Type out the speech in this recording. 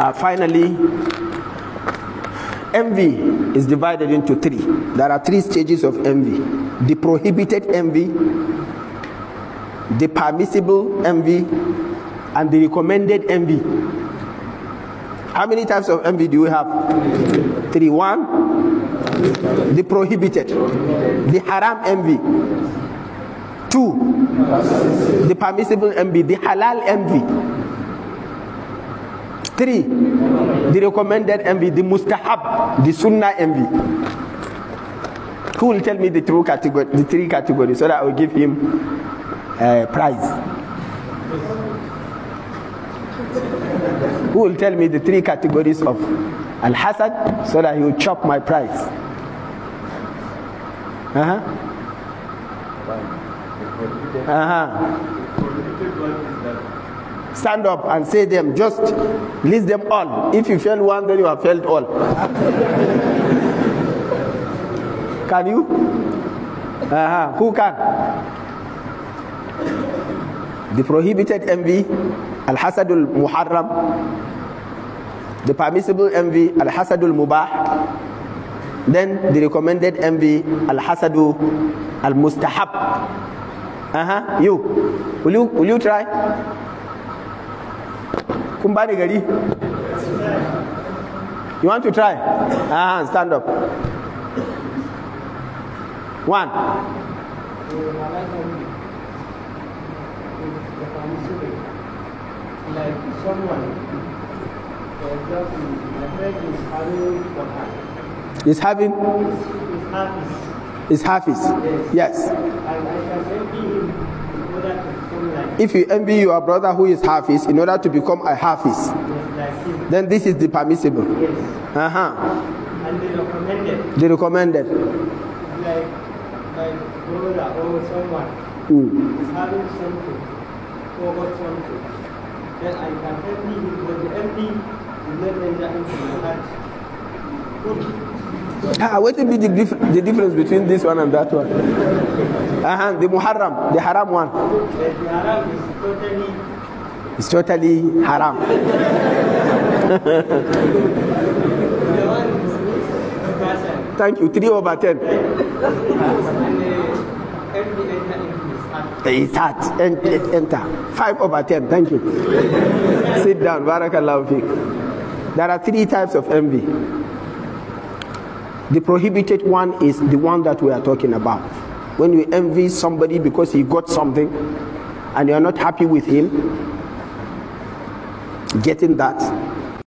Uh, finally, envy is divided into three. There are three stages of envy the prohibited envy, the permissible envy, and the recommended envy. How many types of envy do we have? Three. One, the prohibited, the haram envy. Two, the permissible envy, the halal envy. Three, the recommended envy, the mustahab, the sunnah envy. Who will tell me the true category, the three categories, so that I will give him a eh, prize? Who will tell me the three categories of al hasad, so that he will chop my prize? Uh huh. Uh huh. stand up and say them, just list them all. If you fail one, then you have failed all. can you? Uh-huh. Who can? The prohibited envy, Al Hasadul Muharram. The permissible envy, Al Hasadul Mubah. Then the recommended envy, Al Hasadu Al Mustahab. Uh huh. You. Will you, will you try? kun bani gari you want to try ah stand up one like someone uh, having is having is half is yes. If you envy your brother who is Hafiz in order to become a Hafiz, yes, then this is the permissible. Yes. Uh huh. And they recommended. They recommended. Like my brother or someone mm. is having something or got something, then I can envy him, but the envy will not enter into my heart. Ah, what will be the the difference between this one and that one? Uh-huh, the Muharram, the haram one. The haram is totally... It's totally haram. Thank you. 3 over 10. It's hard. Enter. 5 over 10. Thank you. Sit down. Barakallahu fiqh. There are three types of envy. The prohibited one is the one that we are talking about. When you envy somebody because he got something and you are not happy with him, getting that,